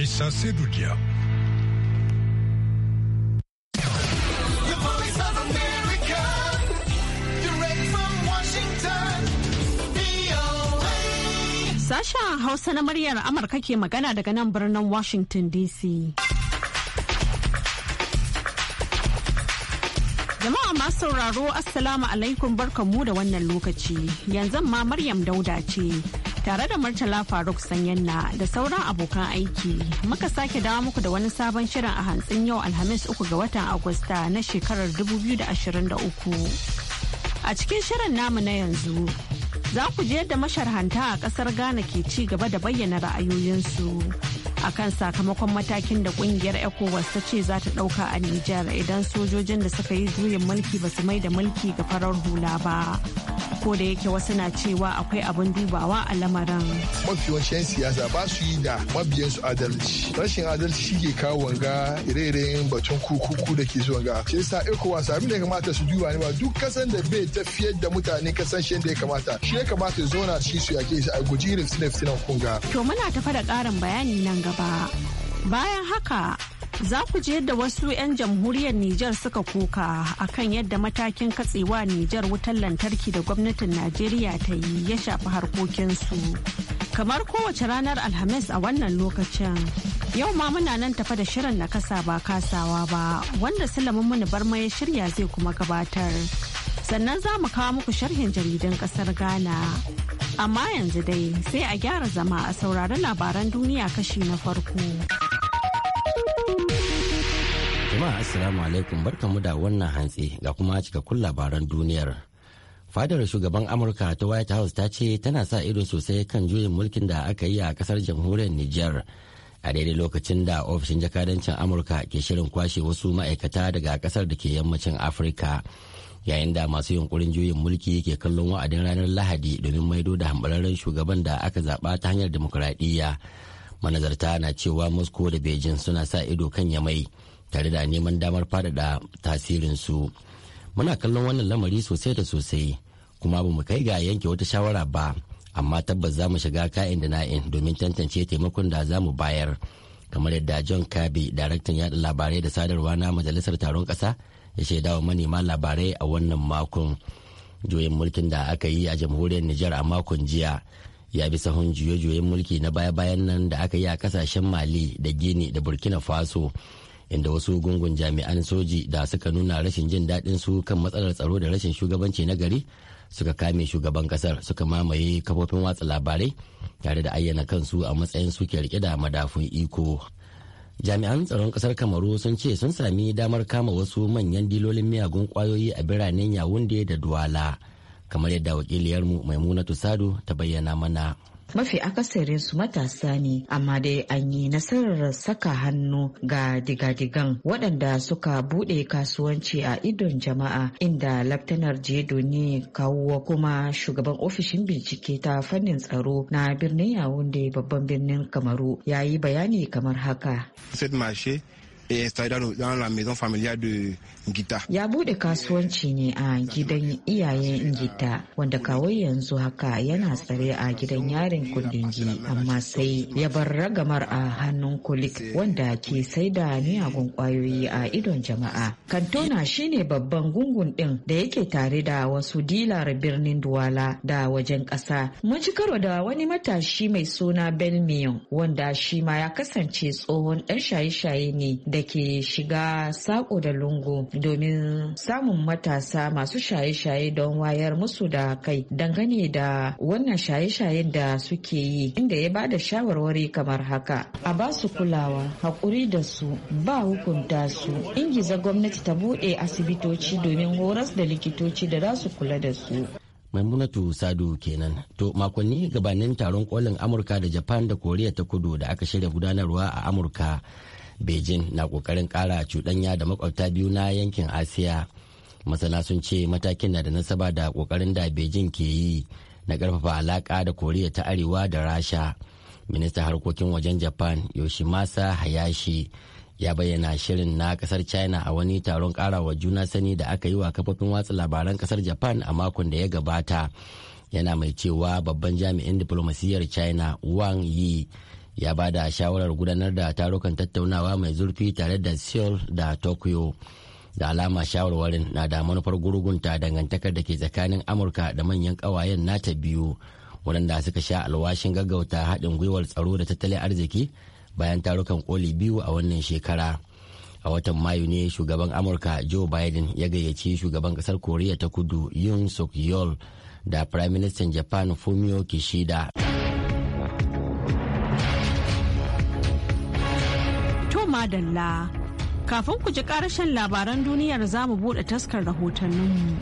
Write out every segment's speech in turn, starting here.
Isa Sedudia. Sashen Hausa na muryar Amurka ke magana daga nan birnin Washington DC. Jama'a masu sauraro Assalamu alaikum barkanmu da wannan lokaci. Yanzu ma Maryam Dauda ce. tare da Murtala Faruk Sanyanna da sauran abokan aiki muka sake dawo muku da wani sabon shirin a hantsin yau Alhamis uku ga watan Agusta na shekarar 2023. A cikin shirin namu na yanzu za ku je yadda masharhanta a kasar Ghana ke ci gaba da bayyana ra'ayoyinsu. akan sakamakon matakin da kungiyar ecowas ta ce za ta dauka a nijar idan sojojin da suka yi juyin mulki ba su mai da mulki ga farar hula ba ko da yake wasu na cewa akwai abin dubawa a lamarin shan siyasa ba su yi da mabiyansu adalci rashin adalci shi ke kawo wanga ire-iren batun kukuku da ke zuwa ga shi yasa ecowas abin da ya kamata su duba ne ba duk kasan da bai tafiyar da mutane kasan shi da ya kamata shi ya kamata zona shi su yake a guji irin sinef kunga to muna tafa da karin bayani nan gaba gaba. Bayan haka za ku ji yadda wasu 'yan jamhuriyar Nijar suka kuka akan yadda matakin katsewa Nijar wutar lantarki da gwamnatin Najeriya ta yi ya shafi harkokinsu. Kamar kowace ranar Alhamis a wannan lokacin. Yau ma muna nan tafa da shirin na kasa ba kasawa ba wanda Sulaiman muni barma ya shirya zai kuma gabatar. Sannan za mu kawo muku sharhin jaridan ƙasar Ghana. Amma yanzu dai sai a gyara zama a saurari labaran duniya kashi na farko. Jama'a Assalamu alaikum barkamu da wannan hantsi ga kuma cikakkun labaran duniyar. Fadar shugaban Amurka ta White House ta ce tana sa ido sosai kan juyin mulkin da aka yi a kasar jamhuriyar niger a daidai lokacin da ofishin jakadancin amurka ke shirin kwashe wasu ma'aikata daga kasar da ke yammacin afirka yayin da masu yunkurin juyin mulki ke kallon wa'adin ranar lahadi domin maido da hambararren shugaban da aka zaɓa ta hanyar demokuraɗiyya manazarta na cewa moscow da beijing suna sa ido kan yamai tare da neman damar faɗaɗa tasirinsu muna kallon wannan lamari sosai da sosai kuma ba mu kai ga yanke wata shawara ba amma tabbas za mu shiga ka'in da na'in domin tantance taimakon da za mu bayar kamar yadda john kabi daraktan yaɗa labarai da sadarwa na majalisar taron ƙasa ya shaidawa manema labarai a wannan makon juyin mulkin da aka yi a jamhuriyar Nijar a makon jiya ya bi sahun juye-juyen mulki na baya-bayan nan da aka yi a kasashen Mali da Gini da Burkina Faso inda wasu gungun jami'an soji da suka nuna rashin jin daɗin su kan matsalar tsaro da rashin shugabanci na gari suka kame shugaban kasar suka mamaye kafofin watsa labarai tare da ayyana kansu a matsayin suke rike da madafun iko jami'an tsaron kasar kamaru sun ce sun sami damar kama wasu manyan dilolin miyagun kwayoyi a biranen yawunde da duwala kamar yadda wakiliyarmu maimuna tusadu ta bayyana mana mafi akasarin su matasa ne amma dai an yi nasarar saka hannu ga digadigan waɗanda suka buɗe kasuwanci a idon jama'a inda laftanar jedo ne kawo kuma shugaban ofishin bincike ta fannin tsaro na birnin yawon da babban birnin kamaru ya yi bayani kamar haka. Eh, ya bude kasuwanci ne a gidan iyayen Ngita wanda kawai yanzu haka yana tsare a gidan yarin kundinji amma sai ya bar ragamar a hannun kulik wanda ke sai da miyagun kwayoyi a idon jama'a. Kantona shine babban gungun din da yake tare da wasu dilar birnin Duwala da wajen ƙasa. Mun ci karo da wani matashi mai suna Belmiyon wanda shi ma ya kasance tsohon ɗan shaye-shaye ne da da ke shiga sako da lungu domin samun matasa masu shaye-shaye don wayar musu da kai dangane da wannan shaye-shayen da suke yi inda ya bada shawarwari kamar haka a ba su kulawa hakuri da su ba hukunta su ingiza gwamnati ta buɗe asibitoci domin horas da likitoci da za su kula da su maimunatu sadu kenan to makonni gabanin taron kolin amurka da japan da koriya ta kudu da aka shirya gudanarwa a amurka beijing na kokarin kara cuɗanya da makwabta biyu na yankin asiya masana sun ce matakin na da nasaba da kokarin da beijing ke yi na karfafa alaka da koriya ta arewa da rasha minista harkokin wajen japan yoshimasa hayashi ya bayyana shirin na kasar china a wani taron karawa juna sani da aka yi wa kafofin watsa labaran kasar japan a makon da ya gabata yana mai cewa babban jami'in diplomasiyyar china wang yi ya ba da shawarar gudanar da tarukan tattaunawa mai zurfi tare da seoul da tokyo da alama shawarwarin na da manufar gurgunta dangantakar da ke tsakanin amurka da manyan ƙawayen nata biyu wadanda suka sha alwashin gaggauta haɗin gwiwar tsaro da tattalin arziki bayan tarukan koli biyu a wannan shekara a watan mayu ne shugaban amurka joe biden ya gayyaci shugaban ƙasar koriya ta kudu yun suk yol da prime japan fumio kishida madalla. Kafin ku ji karashen labaran duniyar za mu buɗe taskar rahotanninmu.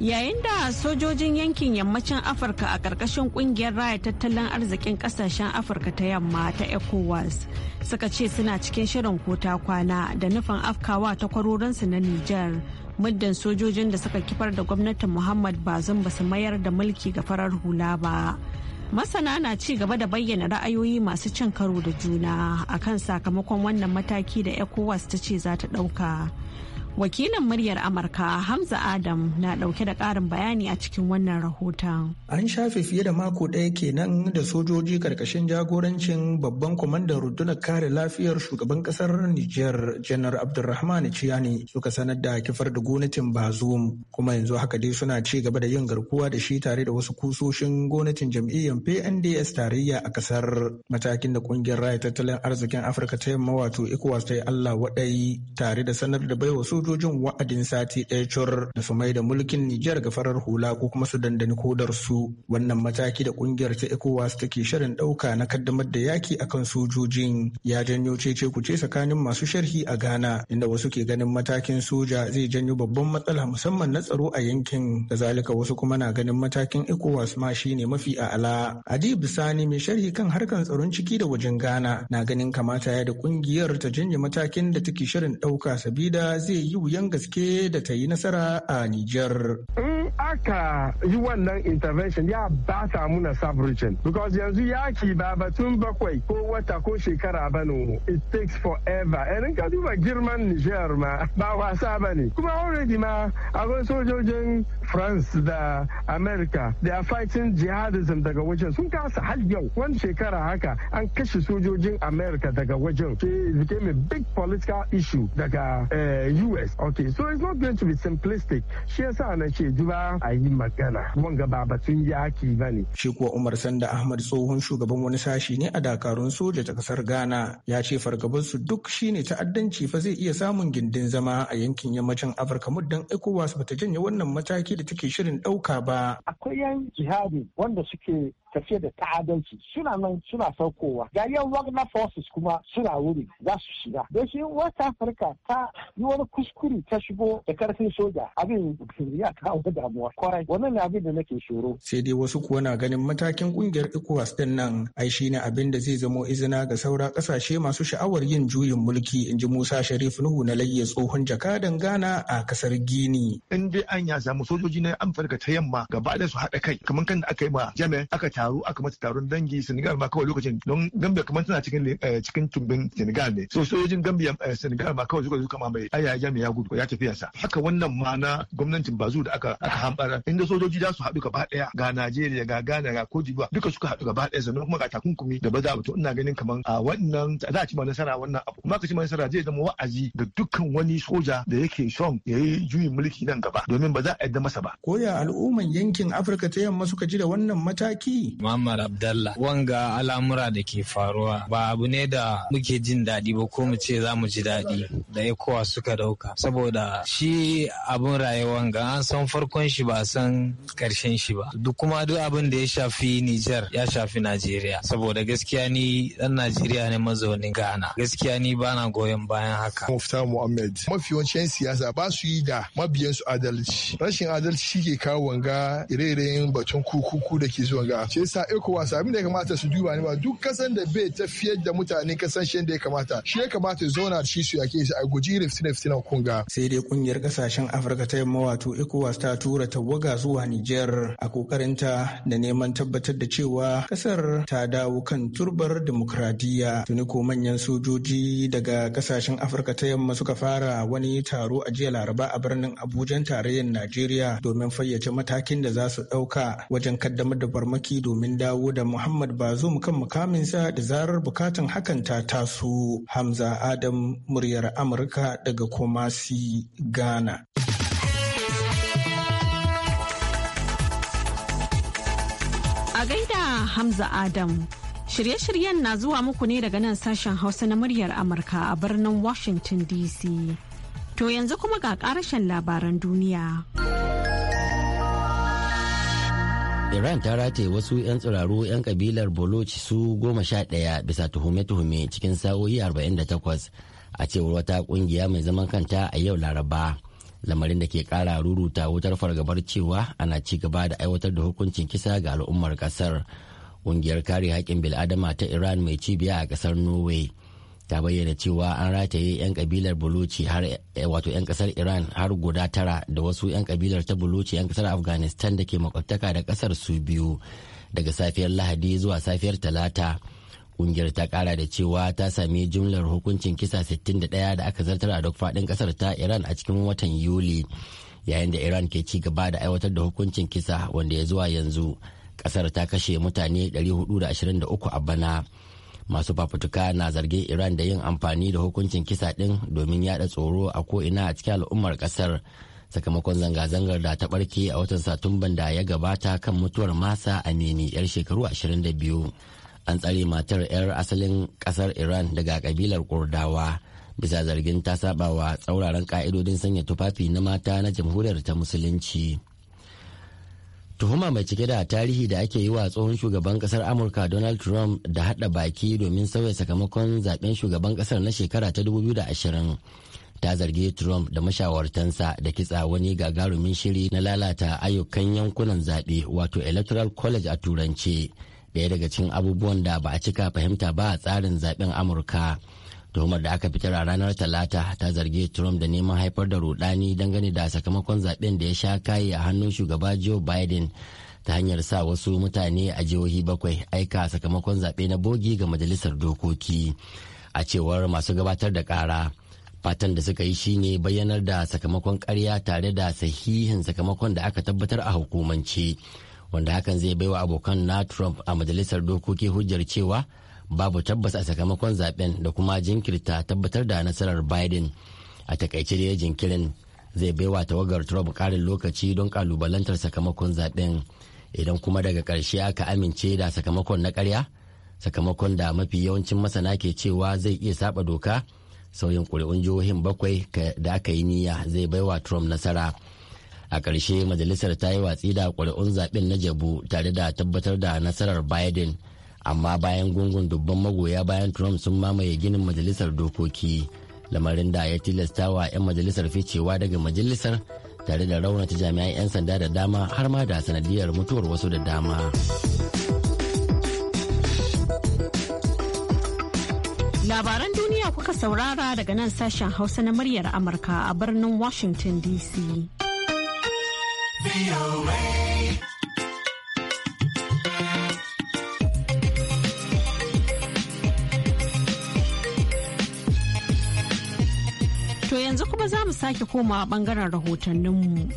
Yayin da sojojin yankin yammacin Afirka a ƙarƙashin ƙungiyar raya tattalin arzikin ƙasashen Afirka ta yamma ta ECOWAS suka ce suna cikin shirin kota kwana da nufin afkawa ta takwarorinsu na Nijar. Muddin sojojin da suka kifar da gwamnatin Muhammad Bazum ba su mayar da mulki ga farar hula ba. masana na ci gaba da bayyana ra'ayoyi masu cin karo da juna akan sakamakon wannan mataki da ecowas ta ce za ta ɗauka. wakilin muryar amurka hamza adam na dauke da karin bayani a cikin wannan rahoton an shafe fiye da mako ɗaya kenan da sojoji karkashin jagorancin babban kwamandan rundunar kare lafiyar shugaban kasar niger janar abdulrahman ciyani suka sanar da kifar da gwamnatin bazoum kuma yanzu haka dai suna ci gaba da yin garkuwa da shi tare da wasu kusoshin gwamnatin jam'iyyar pnds tarayya a kasar matakin da kungiyar raya tattalin arzikin afirka ta yamma wato ecowas ta yi allah waɗai tare da sanar da baiwa sojojin wa'adin sati ɗaya cur da su mai da mulkin Nijar ga farar hula ko kuma su dandani kodar su. Wannan mataki da kungiyar ta ECOWAS take shirin ɗauka na kaddamar da yaki akan sojojin ya janyo cece kuce tsakanin masu sharhi a Ghana inda wasu ke ganin matakin soja zai janyo babban matsala musamman na tsaro a yankin. zalika wasu kuma na ganin matakin ECOWAS ma shine mafi a'ala. Adib Sani mai sharhi kan harkan tsaron ciki da wajen Ghana na ganin kamata ya da kungiyar ta janye matakin da take shirin ɗauka sabida zai yi yi wuyan gaske da ta yi nasara a Nijar. In aka yi wannan intervention ya ba ta muna because yanzu yaki ba batun bakwai ko wata ko shekara ba no it takes forever idan ka duba girman Nijar ma ba wasa ba ne kuma already ma akwai sojojin France da America they are fighting jihadism daga wajen sun kasa har yau wani shekara haka an kashe sojojin America daga wajen it became a big political issue daga eh, US yes okay so it's not going to be simplistic shi yasa na ce duba a yi magana ga ba batun yaki ba ne shi kuwa umar sanda ahmad tsohon shugaban wani sashi ne a dakarun soja ta kasar ghana ya ce fargabansu duk shine ta'addanci fa zai iya samun gindin zama a yankin yammacin afirka muddin ecowas bata janye wannan mataki da take shirin ɗauka ba akwai yan jihadi wanda suke tafiya da ta'adalci suna nan suna saukowa Yayan wagner forces kuma suna wuri za su shiga da shi wata afirka ta yi wani kuskure ta shigo da karfin soja abin ya kawo damuwa kwarai wannan ne abin da nake shoro sai dai wasu kuwa na ganin matakin kungiyar ecowas din nan ai shi ne abin da zai zamo izina ga saura kasashe masu sha'awar yin juyin mulki in ji musa sharif nuhu na layya tsohon jakadan ghana a kasar gini in dai an ya samu sojoji na amfarka ta yamma gaba da su haɗa kai kamar kan da aka yi ma jami'an aka taro aka mata taron dangi Senegal ma kawai lokacin don Gambia kamar tana cikin eh, cikin tumbin Senegal ne so sojojin Gambia eh, Senegal ma kawai suka zuka mai ai ya jami ya gudu ya tafiya sa haka wannan ma na gwamnatin bazu da aka aka hambara inda sojoji za su haɗu gaba ɗaya ga Najeriya ga Ghana ga Cote d'Ivoire duka suka haɗu gaba ɗaya sannan kuma ga takunkumi da ba za to ina ganin kamar a ah, wannan za a ci ma nasara wannan abu kuma ka ci ma nasara zai zama wa'azi ga dukkan wani soja da yake son ya yi juyin mulki nan gaba domin ba za a yadda masa ba. ya al'umman yankin Afirka ta yamma suka ji da wannan mataki Muhammad Abdallah wanga al'amura da ke faruwa ba abu ne da muke jin daɗi ba ko mu ce za mu ji daɗi da kowa suka dauka saboda shi abin rayuwan ga an san farkon shi ba san karshen shi ba duk kuma duk abin da ya shafi Nijar ya shafi Najeriya saboda gaskiya ni dan Najeriya ne mazaunin Ghana gaskiya ni bana goyon bayan haka Mufta Muhammad mafi yawancin siyasa ba su yi da mabiyansu adalci rashin adalci shi ke kawo wanga ire-iren batun kukuku da ke zuwa ga shi yasa ECOWAS abin da ya kamata su duba ne ba duk kasan da bai tafiyar da mutane kasan shi da ya kamata shi ya kamata zauna shi su yake shi a guji irin fitina fitinan kunga. Sai dai kungiyar kasashen Afirka ta yamma wato ECOWAS ta tura tawaga zuwa Nijar a kokarinta da neman tabbatar da cewa kasar ta dawo kan turbar demokradiyya tuni ko manyan sojoji daga kasashen Afirka ta yamma suka fara wani taro a jiya Laraba a birnin Abuja tarayyar Najeriya domin fayyace matakin da za su ɗauka wajen kaddamar da farmaki domin dawo da Muhammad Bazum kan mukaminsa da zarar bukatan hakan ta taso. Hamza Adam muryar Amurka daga Kumasi, Ghana. A gaida Hamza Adam. Shirye-shiryen na zuwa muku ne daga nan sashen Hausa na muryar Amurka a birnin Washington DC. To yanzu kuma ga ƙarashen labaran duniya. iran ta rataye wasu 'yan tsiraru 'yan kabilar boloch su goma sha ɗaya bisa tuhume-tuhume cikin sa'o'i 48 a cewar wata kungiya mai zaman kanta a yau laraba lamarin da ke kara ruruta wutar fargabar cewa ana ci gaba da aiwatar da hukuncin kisa ga al'ummar kasar kungiyar kare haƙƙin bil'adama ta iran mai cibiya a kasar norway ta bayyana cewa an rataye 'yan kabilar buluci har eh, wato 'yan kasar iran har guda tara da wasu 'yan kabilar ta buluci 'yan kasar afghanistan da ke makwabtaka da kasar su biyu daga safiyar lahadi zuwa safiyar talata kungiyar ta kara da cewa ta sami jumlar hukuncin kisa 61 da aka zartar a duk faɗin kasar ta iran a cikin watan yuli yayin da iran ke ci gaba da aiwatar da hukuncin kisa wanda ya zuwa yanzu kasar ta kashe mutane 423 a bana. masu fafutuka na zargin iran da yin amfani da hukuncin kisa ɗin domin yada tsoro a ko'ina a cikin al'ummar ƙasar sakamakon zanga-zangar da ta ɓarke a watan satumban da ya gabata kan mutuwar masa amini yar shekaru ashirin da biyu an tsare matar yar asalin ƙasar iran daga kabilar kurdawa bisa zargin ta saba wa tsauraran ƙa'idodin sanya tufafi na mata na jamhuriyar ta musulunci tuhuma mai cike da tarihi da ake yi wa tsohon shugaban kasar amurka donald trump da hada baki domin sauya sakamakon zaben shugaban kasar na shekara ta 2020 ta zargi trump da mashawartansa da kitsa wani gagarumin shiri na lalata ayyukan yankunan zaɓe wato electoral college a turance daya daga cikin abubuwan da ba a cika fahimta ba a tsarin zaben amurka. tuhumar da aka fitar a ranar talata ta zarge trump da neman haifar da rudani dangane da sakamakon zaben da ya sha kayi a hannun shugaba joe biden ta hanyar sa wasu mutane a jihohi bakwai aika sakamakon zaɓe na bogi ga majalisar dokoki a cewar masu gabatar da kara fatan da suka yi shine bayyanar da sakamakon karya tare da sahihin sakamakon da aka tabbatar a hukumance wanda hakan zai baiwa abokan na trump a majalisar dokoki hujjar cewa babu tabbas a sakamakon zaben da kuma jinkirta tabbatar da nasarar biden a takaice da ya jinkirin zai baiwa tawagar trump karin lokaci don kalubalantar sakamakon zaben idan kuma daga karshe aka amince da sakamakon na karya sakamakon da mafi yawancin masana ke cewa zai iya saba doka sauyin kuri'un jihohin bakwai da aka yi niyya zai baiwa trump nasara a ƙarshe majalisar ta yi watsi da kuri'un zaɓen na jabu tare da tabbatar da nasarar biden amma bayan gungun dubban magoya bayan trump sun mamaye ginin majalisar dokoki lamarin da ya tilasta wa 'yan majalisar ficewa daga majalisar tare da raunata jami'an 'yan sanda da dama har ma da sanadiyar mutuwar wasu da dama labaran duniya kuka saurara daga nan sashen hausa na muryar amurka a birnin washington dc kuma za mu sake komawa bangaren rahotanninmu.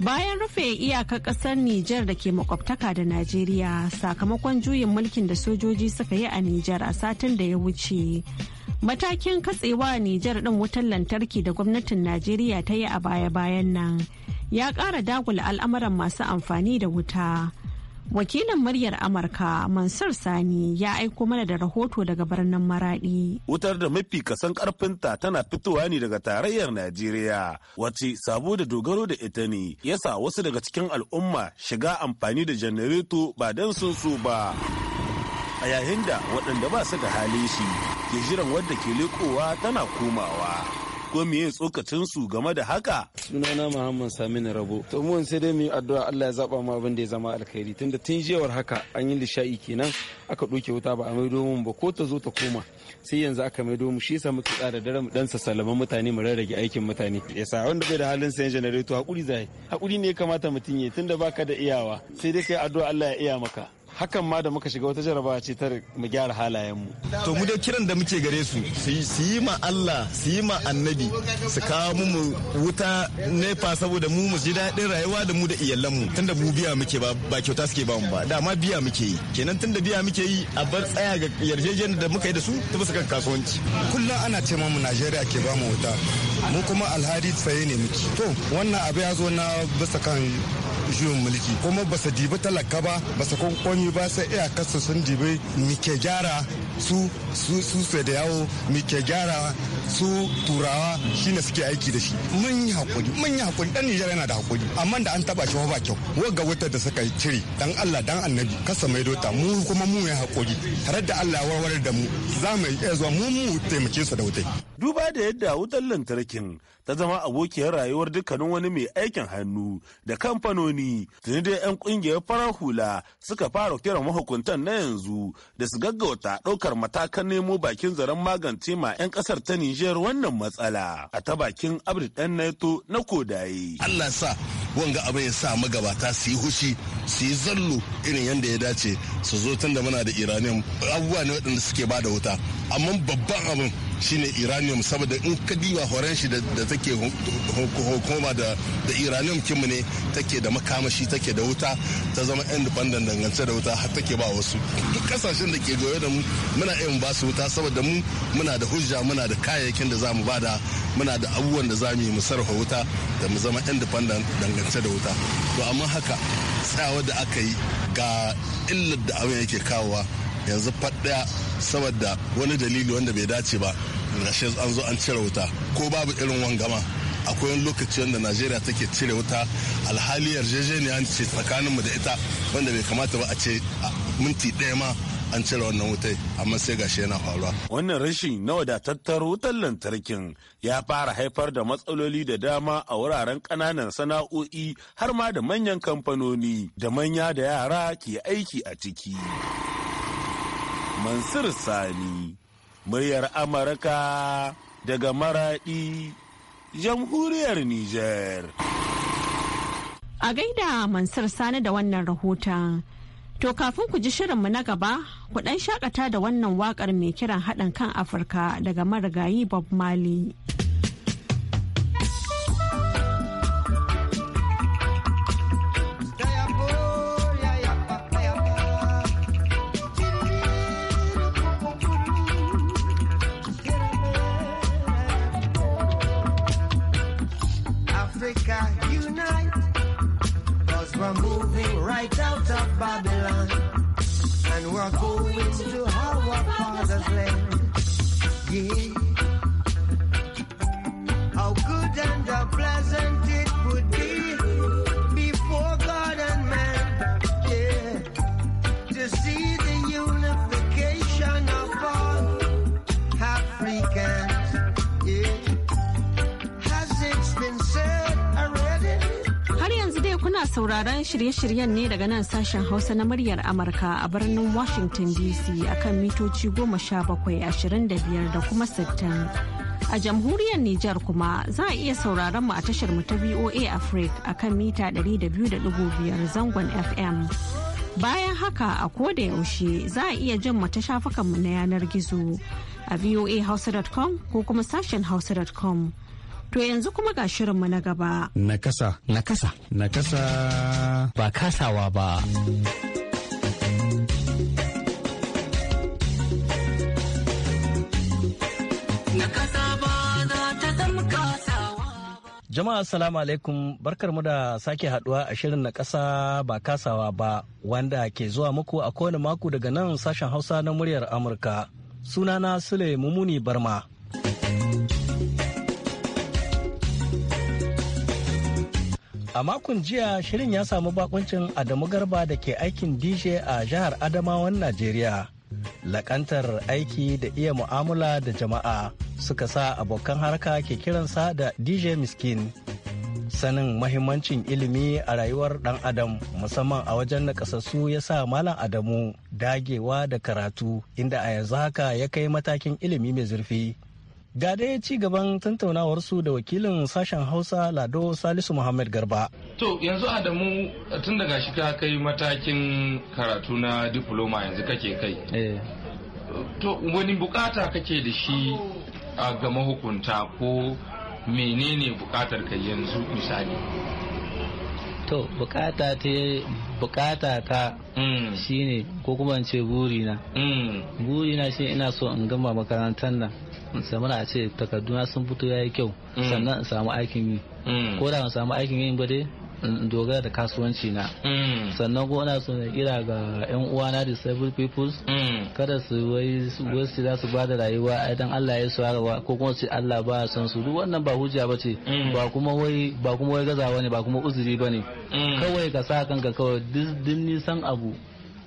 Bayan rufe iyakar ƙasar Nijar da ke makwabtaka da Najeriya sakamakon juyin mulkin da sojoji suka yi a Nijar a satin da ya wuce. Matakin katsewa Nijar ɗin wutar lantarki da gwamnatin Najeriya ta yi a baya-bayan nan ya ƙara dagula al'amuran masu amfani da wuta. Wakilin muryar Amurka Mansur Sani ya aiko mana da rahoto daga birnin Maradi. Wutar da mafi kasan karfinta tana fitowa ne daga tarayyar Najeriya, wace sabo da dogaro da ita ne yasa wasu daga cikin al'umma shiga amfani da janareto ba don sun so ba. A yayin da waɗanda ba su da hali shi ke jiran wadda ke lekowa tana komawa. ko meye tsokacin su game da haka sunana muhammad saminu rabo to mu sai dai mu addu'a Allah ya zaba mu abin da ya zama alkhairi tunda tun jiyawar haka an yi lishai kenan aka doke wuta ba a maido ba ko ta zo ta koma sai yanzu aka maido mu shi yasa muke tsara dare mu dan sassalaman mutane mu rarrage aikin mutane yasa wanda bai da halin sayan janareto hakuri zai hakuri ne ya kamata mutum ya tunda baka da iyawa sai dai kai addu'a Allah ya iya maka hakan ma da muka shiga wata jaraba ce ta mu gyara halayen mu. To mu dai kiran da muke gare su su yi ma Allah su yi ma annabi su kawo mu wuta nefa saboda mu mu ji daɗin rayuwa da mu da iyalanmu tunda mu biya muke ba ba kyauta suke ba mu ba dama biya muke yi kenan tunda biya muke yi a bar tsaya ga yarjejeniyar da muka yi da su ta bisa kan kasuwanci. Kullum ana ce mu Najeriya ke ba mu wuta mu kuma alhari tsaye ne muke. To wannan abu ya zo na basa kan juyin mulki kuma ba su dibi talaka ba ba su kwankwani ba sai iyakarsu sun dibi mike gyara su su su da yawo mike gyara su turawa shine suke aiki da shi mun yi hakuri mun yi hakuri dan Nijar yana da hakuri amma da an taba shi ba kyau ga wutar da suka cire dan Allah dan annabi kasa mai dota mu kuma mu yi hakuri tare da Allah warware da mu za mu iya zuwa mu mu taimake su da wutai duba da yadda wutar lantarkin ta zama abokiyar rayuwar dukkanin wani mai aikin hannu da kamfanoni tuni dai 'yan kungiyar farar hula suka fara kiran mahukuntan na yanzu da su gaggauta ɗaukar matakan nemo bakin zaren magance ma 'yan ƙasar ta Nijar wannan matsala a ta bakin Abdi Dan Naito na Kodaye. Allah sa wanga abu ya sa magabata su yi hushi su yi zallo irin yadda ya dace su zo tun da muna da iranian abubuwa ne waɗanda suke ba da wuta amma babban abin shine iranium saboda in ka diba horon shi da take hukuma da iranium mu ne take da makamashi take da wuta ta zama independent dangance da wuta har take ba wasu duk kasashen da ke goyo da mu muna iya ba su wuta saboda mu muna da hujja muna da kayayyakin da za mu bada muna da abubuwan da za mu yi mu sarrafa wuta da mu zama independent dangance da wuta to amma haka tsayawa da aka yi ga illar da abin yake kawowa yanzu faɗaya saboda wani dalili wanda bai dace ba rashe an zo an cire wuta ko babu irin wangama akwai wani lokaci wanda najeriya take cire wuta alhali yarjejeniya ce tsakaninmu da ita wanda bai kamata ba a ce minti ɗaya ma an cire wannan wutai amma sai gashi yana faruwa. Wannan rashi na wadatattar wutar lantarkin ya fara haifar da matsaloli da dama a wuraren ƙananan sana'o'i har ma da manyan kamfanoni da manya da yara ke aiki a ciki. Mansur Sani, muryar Amurka daga Maraɗi, jamhuriyar Nijar. A gaida Mansur Sani da wannan rahoton. To kafin ku ji shirinmu na gaba, ku ɗan shakata da wannan waƙar mai kiran haɗin kan Afirka daga marigayi Bob Marley. Babylon, and we're going to our father's land. Yeah. How good and how sauraron shirye-shiryen ne daga nan sashen Hausa na muryar Amurka a birnin Washington DC akan mitoci goma sha bakwai ashirin da biyar da kuma sittin. A jamhuriyar Nijar kuma za a iya sauraron mu a tashar mu ta VOA Africa akan mita 200.5 zangon FM. Bayan haka a koda yaushe za a iya jin mu ta shafukanmu na yanar gizo a voahausa.com ko kuma sashen hausa.com. To yanzu kuma ga mu na gaba. Nakasa. Nakasa. Nakasa. Ba kasawa ba. Jama'a salamu alaikum barkarmu da sake haduwa a shirin na kasa ba kasawa ba wanda ke zuwa muku a kowane mako daga nan sashen hausa na muryar Amurka. Sunana Sule Mumuni Barma. A makon jiya shirin ya samu bakuncin Adamu Garba da ke aikin DJ a jihar Adamawan Najeriya. Lakantar aiki da iya mu'amala da jama'a suka sa abokan harka ke kiransa da DJ Miskin. Sanin mahimmancin ilimi a rayuwar ɗan Adam musamman a wajen nakasassu ya sa Malam Adamu dagewa da karatu inda a yanzu haka ya kai matakin ilimi mai zurfi ga dai ci gaban tantaunawar su da wakilin sashen hausa lado salisu muhammad garba to yanzu adamu tun daga shi ka kai matakin karatu na diploma yanzu kake kai eh. to wani bukata kake da shi a ga mahukunta ko menene bukatar ka yanzu misali to bukata ta bukata ta mm. shine ko kuma in ce burina mm. burina shi ina so in gama makarantar nan samu a ce takarduna sun fito ya yi kyau mm. sannan in samu aikin yi ko da samu aikin yi ba dogara da kasuwanci na mm. sannan kuma ina so na kira ga yan uwana disabled peoples mm. kada su wai za su bada rayuwa idan Allah ya wa ko kuma ce Allah ba san su duk wannan ba hujja ba mm. ba kuma wai ba kuma wai gazawa ne ba kuma uzuri bane kawai ka sa kanka kawai duk nisan abu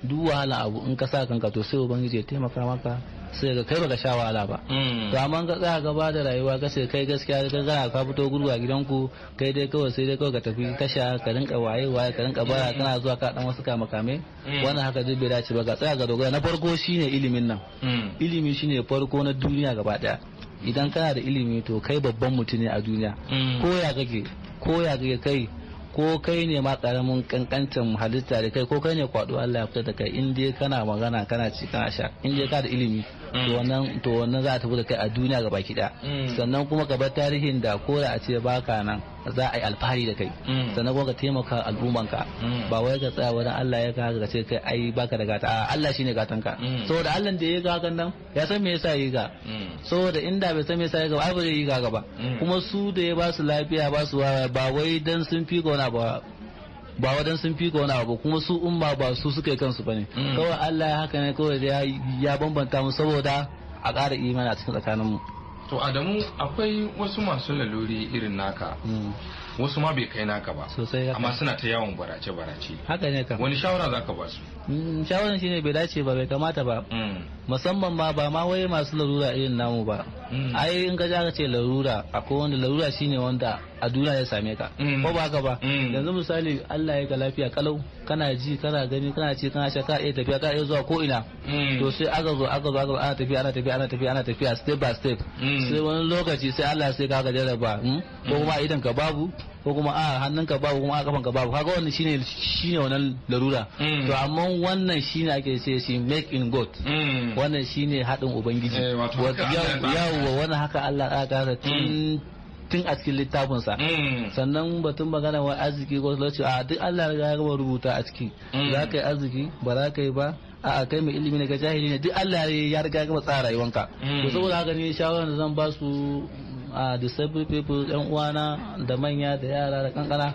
duk wahala abu in ka sa kanka to sai ubangiji ya taimaka maka sai ga kai baka sha wahala ba hmm. to amma ka tsaya gaba da rayuwa ka sai kai gaskiya ka ga ka fito gudu a gidanku kai dai kawai sai dai kawai ka tafi tasha ka rinka waye waye ka rinka bara kana zuwa ka dan wasu kamakame hmm. wannan haka zai bai dace ba ka tsaya ga dogara na farko shine ilimin nan hmm. ilimi shine farko na duniya gaba daya idan kana da ilimi to kai babban mutum ne a duniya Koya ya kake ko kake kai ko kai ne ma karamin kankancin halitta da kai ko kai ne kwado Allah ya fita da kai in dai kana magana kana ci kana sha in dai ka da ilimi to wannan to wannan za ta fita kai a duniya gaba ki mm. sannan kuma ka bar tarihin da ko da a ce baka nan za a yi alfahari da kai mm. sannan kuma ka taimaka al'ummanka mm. ba wai ka tsaya wajen Allah ya kaga ka ce kai ai baka da gata Allah shine gatanka mm. saboda Allah da ya ga nan ya san me yasa yi ga saboda inda bai san me yasa yi ga ai ba yi ga ba kuma su da ya ba su lafiya ba su ba wai dan sun fi gona ba ba wadan sun fi wani ba kuma su umma ba su suka yi kansu bane kawai Allah ya haka ne kawai ya bambanta mu saboda a ƙara imani a cikin tsakaninmu to adamu akwai wasu masu laluri irin naka hmm. wasu ma bai kai naka ba amma suna ta yawon barace barace haka ne ka wani shawara zaka ba su hmm, shawaran shine bai dace ba bai kamata ba hmm. musamman ma ba ma wai masu lalura irin namu ba Mm. ai in ka ja ka ce larura akwai wanda larura shine wanda a duniya ya same ka mm. ko ba haka ba mm. yanzu misali Allah ya ka lafiya kalau kana ji kana gani kana ci kana sha ka iya tafiya ka iya zuwa ko ina to sai aka zo aka zo aka ana tafiya ana tafiya ana tafiya ana tafiya step by step sai wani lokaci sai Allah sai ka ga jarraba hmm? ko kuma idan ka babu ko kuma a hannunka babu kuma a kafanka babu kaga wannan shine shine wannan larura mm. to amma wannan shine ake ce shi make in god mm. wannan shine hadin ubangiji eh, yawo wannan haka Allah ya kasa tun mm. tun a cikin littafinsa sannan batun magana wa arziki ko lokaci a duk Allah ya rubuta a ciki za ka yi arziki ba za ka yi ba a kai mai ilimi ne ga jahili ne duk Allah ya riga gaba tsara rayuwanka to saboda haka ne shawaran da zan ba su a disabled people yan uwana da manya da yara da kankana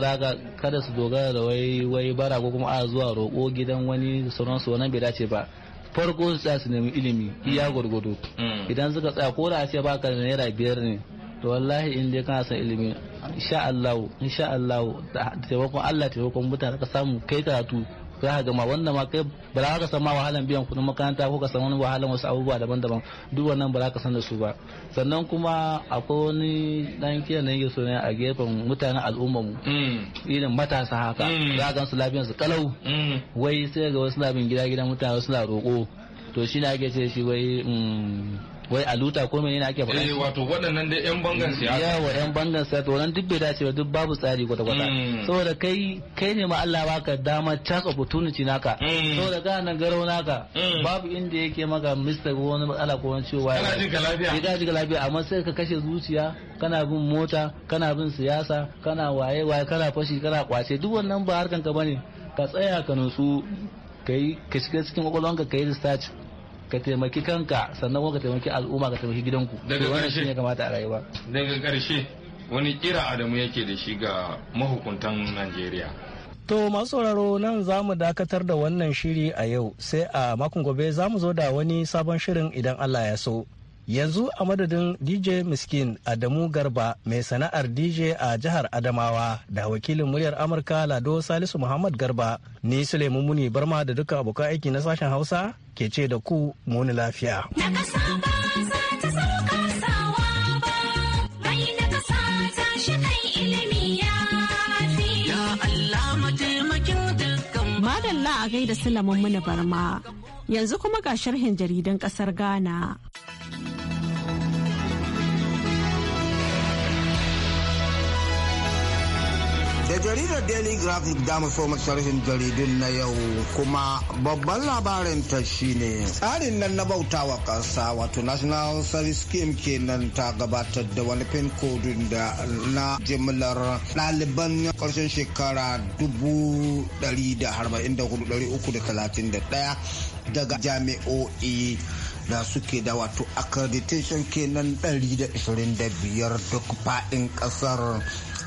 da haka kada su dogara da wai wai bara ko kuma a zuwa roƙo gidan wani da su wannan bai dace ba farko su tsaya su nemi ilimi iya gwargwado mm. idan suka tsaya ko da ce baka da naira biyar ne to wallahi in dai kana san ilimi insha Allah insha Allah da taimakon Allah taimakon mutane ka samu kai karatu za ka gama wannan ma kai ba za ka ma wahalan biyan kuɗin makaranta ko ka samu wahalan wasu abubuwa daban-daban duk wannan ba za ka san da su ba sannan kuma akwai wani dan kiyan da yake so a gefen mutanen al'ummar mu mm. irin matasa haka mm. za ka su lafiyar su kalau mm. wai sai ga wasu labin gida-gidan mutane suna roƙo to shi ne ake ce shi wai wai a luta ko menene ake faɗa eh wato waɗannan da yan bangan siyasa yawa yan bangan siyasa to nan duk bai dace ba duk babu tsari kwata kwata hmm. saboda kai kai ne ma Allah baka dama chance opportunity naka hmm. saboda ga nan garau naka hmm. babu inda yake maka Mr. wani matsala ko wani cewa kana ji ga lafiya eh, kana ji ga lafiya amma sai ka kashe zuciya kana bin mota kana bin siyasa kana waye waye kana fashi kana kwace duk wannan ba harkan ka bane ka tsaya ka nusu kai ka shiga cikin kwakwalwanka ka yi research ka taimaki kanka sannan kuma ka taimaki al'umma ka taimaki gidanku daga wannan shine kamata a rayuwa daga karshe wani kira Adamu yake da shi ga mahukuntan Najeriya To masu sauraro nan za mu dakatar da wannan shiri a yau sai a makon gobe za mu zo da wani sabon shirin idan Allah ya so. yanzu a madadin dj miskin adamu garba mai sana'ar dj a jihar adamawa da wakilin muryar amurka lado salisu muhammad garba ni suleiman muni barma da duka abokan aiki na sashen hausa ke ce da ku muni lafiya Madalla a gaida Sulaiman Muni Barma, yanzu kuma ga sharhin jaridan kasar Ghana. Da eh, jaridar Daily Graphic da mu soma sharhin jaridun na yau kuma babban labarin ta shine tsarin nan na bautawa ƙasa wato National Service Scheme kenan ta gabatar da wani pin code da na jimlar ɗaliban karshen shekara dubu daga jami'o'i da suke da wato accreditation kenan 125 duk fadin ƙasar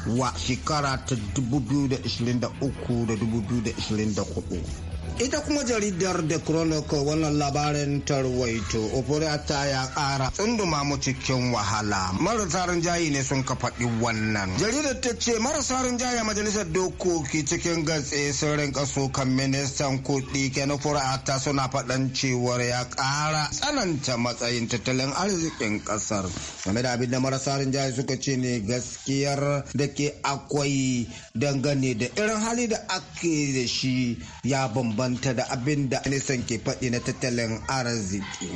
wa shekara ta 2023 da 2024 ita kuma jaridar da chronicle wannan labarin tarwaito operata ya kara tsunduma mu cikin wahala marasa rinjaye ne sun ka faɗi wannan jaridar ta ce marasa rinjaye majalisar dokoki cikin gatse sun rinka kan ministan kuɗi kenan fura'ata suna faɗan cewar ya ƙara tsananta matsayin tattalin arzikin ƙasar game da abin da marasa rinjaye suka ce ne gaskiyar da ke akwai dangane da irin hali da ake da shi ya bambanta da abin da nisan ke faɗi na tattalin arziki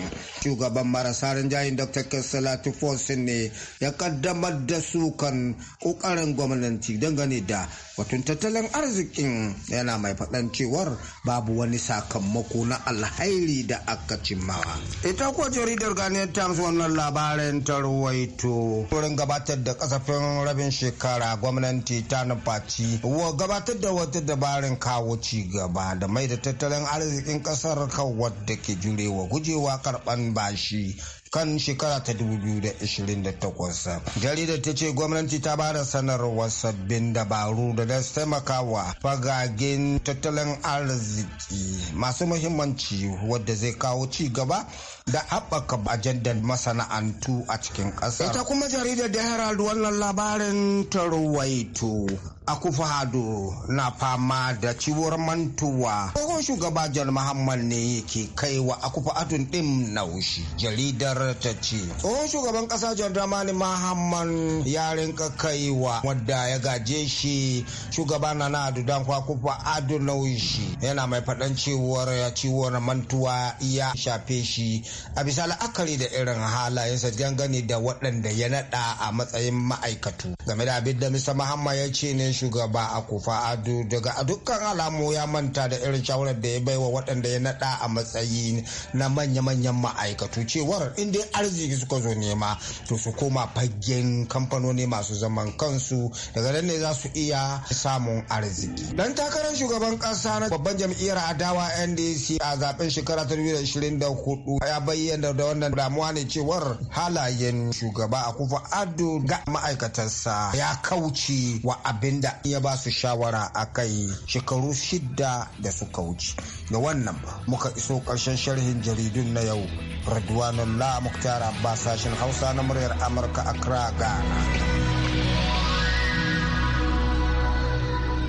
shugaban marasa rinjayen dr kassala tufosin ne ya kaddamar da sukan ƙoƙarin gwamnati dangane da batun tattalin arzikin yana mai faɗan cewar babu wani sakamako na alhairi da aka cimmawa ita kuwa jaridar ganiyar times wannan labarin ta ruwaito wurin gabatar da kasafin rabin shekara gwamnati ta nufaci Wa gabatar da wata dabarin kawo ci gaba da mai da tattalin arzikin kasar kan wadda ke jurewa gujewa karɓan bashi kan shekara ta 2028 jaridar ta ce gwamnati ta ba da sanarwar sabbin dabaru da da taimakawa fagagen tattalin arziki masu muhimmanci wadda zai kawo ci gaba da haɓaka ajandar masana'antu a cikin ƙasa Ita kuma jaridar da Herald wannan labarin ta ruwaito. Akufa Hado na fama da ciwon mantuwa. Tsohon shugaba Jan Muhammad ne ke kai wa Akufa Adun ɗin naushi. Jaridar ta ce. Tsohon shugaban ƙasa Jan Dramani Muhammad ya rinka wa? wadda ya gaje shi shugaba na Ado Dankwa Akufa na naushi. Yana mai faɗan cewar ciwon mantuwa ya shafe shi a bisa la'akari da irin halayensa dangane da waɗanda ya naɗa a matsayin ma'aikatu game da abin da mr mahamma ya ce ne shugaba a kufa ado daga dukkan alamu ya manta da irin shawarar da ya bai wa waɗanda ya naɗa a matsayi na manya-manyan ma'aikatu cewar in dai arziki suka zo nema to su koma fagen kamfanoni masu zaman kansu daga nan ne za su iya samun arziki dan takarar shugaban ƙasa na babban jam'iyyar adawa ndc a zaben shekara 2024 ya bayyana da wannan damuwa ne cewar halayen shugaba a kufa ado ga ma'aikatarsa ya kauce wa abin da ya ba su shawara a kai shekaru shidda da suka wuce da wannan muka iso karshen sharhin jaridun na yau la muktar abbas sashen hausa na muryar amurka accra ghana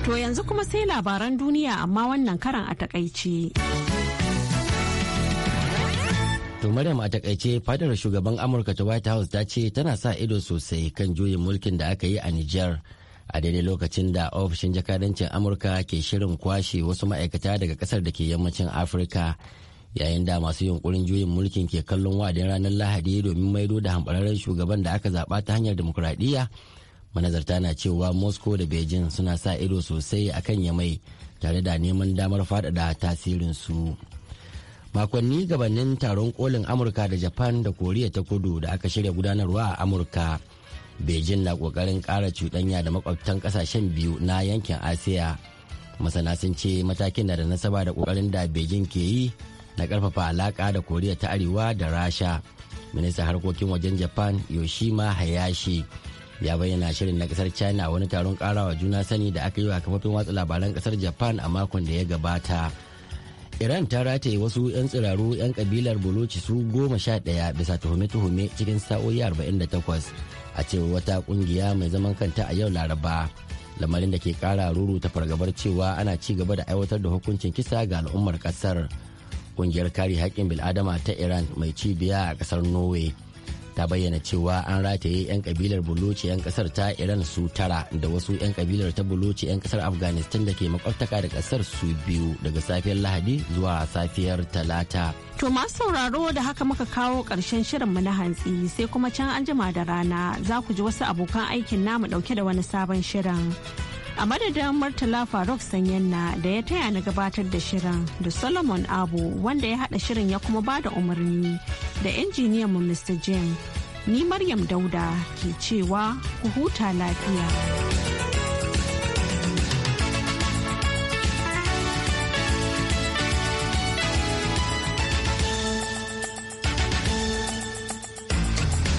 To yanzu kuma sai labaran duniya amma wannan karan a takaice To Maryam a takaice fadar shugaban Amurka ta White House ta ce tana sa ido sosai kan juyin mulkin da aka yi a Nijar a daidai lokacin da ofishin jakadancin Amurka ke shirin kwashe wasu ma'aikata daga kasar da ke yammacin Afirka yayin da masu yunkurin juyin mulkin ke kallon wadin ranar Lahadi domin maido da hambararren shugaban da aka zaba ta hanyar demokuraɗiyya. Manazarta na cewa Moscow da Beijing suna sa ido sosai akan yamai tare da neman damar faɗaɗa tasirinsu. su. makonni gabanin taron kolin amurka da japan da koriya ta kudu da aka shirya gudanarwa a amurka beijing na kokarin kara cuɗanya da makwabtan kasashen biyu na yankin asiya masana sun ce matakin da nasaba da kokarin da beijing ke yi na karfafa alaka da koriya ta arewa da rasha ministan harkokin wajen japan yoshima hayashi ya bayyana shirin na kasar china wani taron karawa juna sani da aka yi wa kafafin watsa labaran kasar japan a makon da ya gabata iran ta rataye wasu 'yan tsiraru 'yan kabilar buluci su goma sha ɗaya bisa tuhume-tuhume cikin sa'o'i takwas a cewar wata ƙungiya mai zaman kanta a yau laraba lamarin da ke ƙara kara ta fargabar cewa ana ci gaba da aiwatar da hukuncin kisa ga al'ummar kasar ƙungiyar kare haƙƙin bil'adama ta iran mai cibiya a kasar norway ta bayyana cewa an rataye 'yan kabilar buloci 'yan kasar ta iran su tara da wasu 'yan kabilar ta buloci 'yan kasar afghanistan da ke makwabtaka da kasar su biyu daga safiyar lahadi zuwa safiyar talata to masu sauraro da haka muka kawo karshen mu na hantsi sai kuma can an jima da rana za ku ji wasu abokan aikin namu ɗauke da wani sabon shirin a madadin murtala faruk sanyanna da ya taya na gabatar da shirin da solomon abu wanda ya hada shirin ya kuma bada umarni da injiniyan mu mr jim ni maryam dauda ke cewa ku huta lafiya